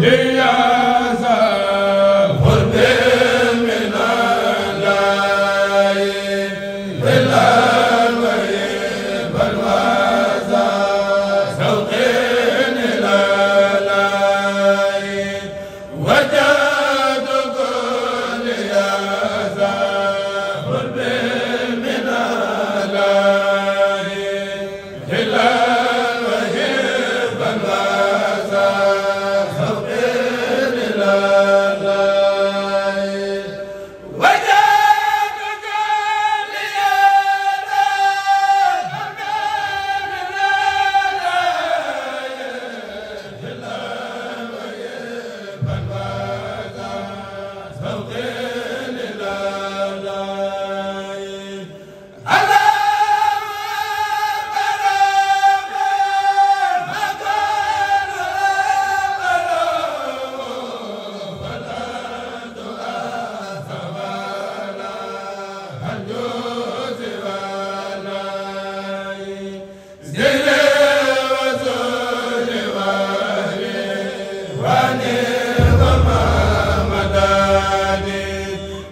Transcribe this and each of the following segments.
li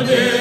Amen.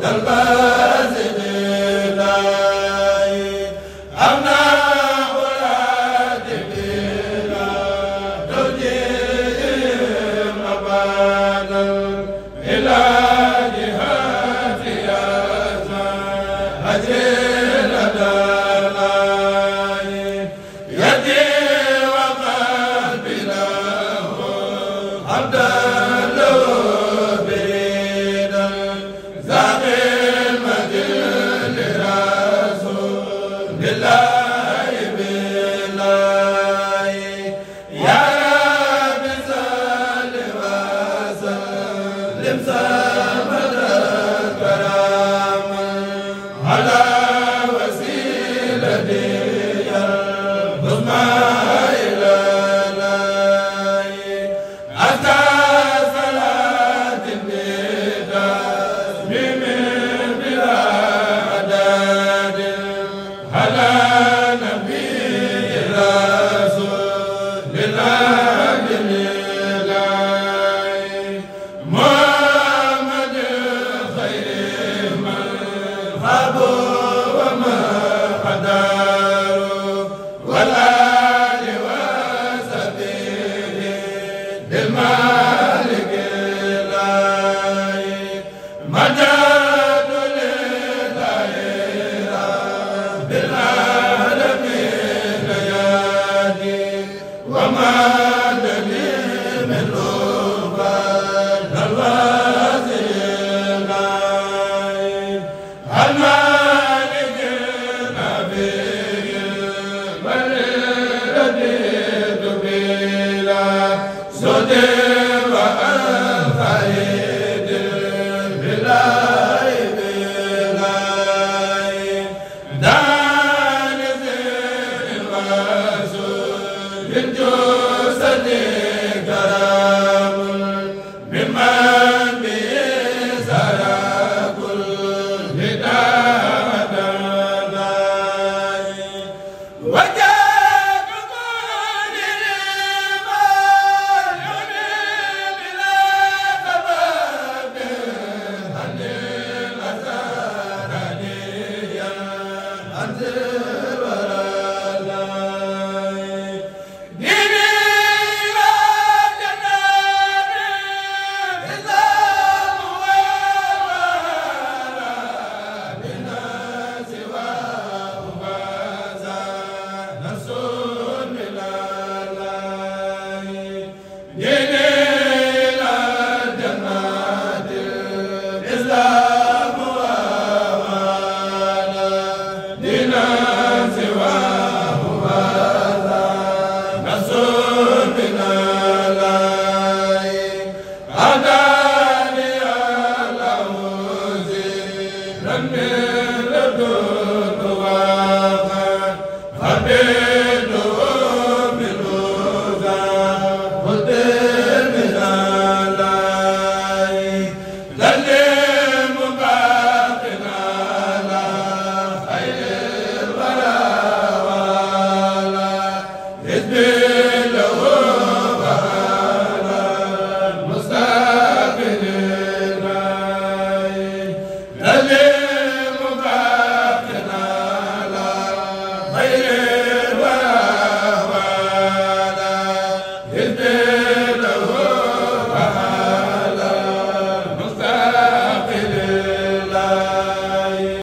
dal ba la ala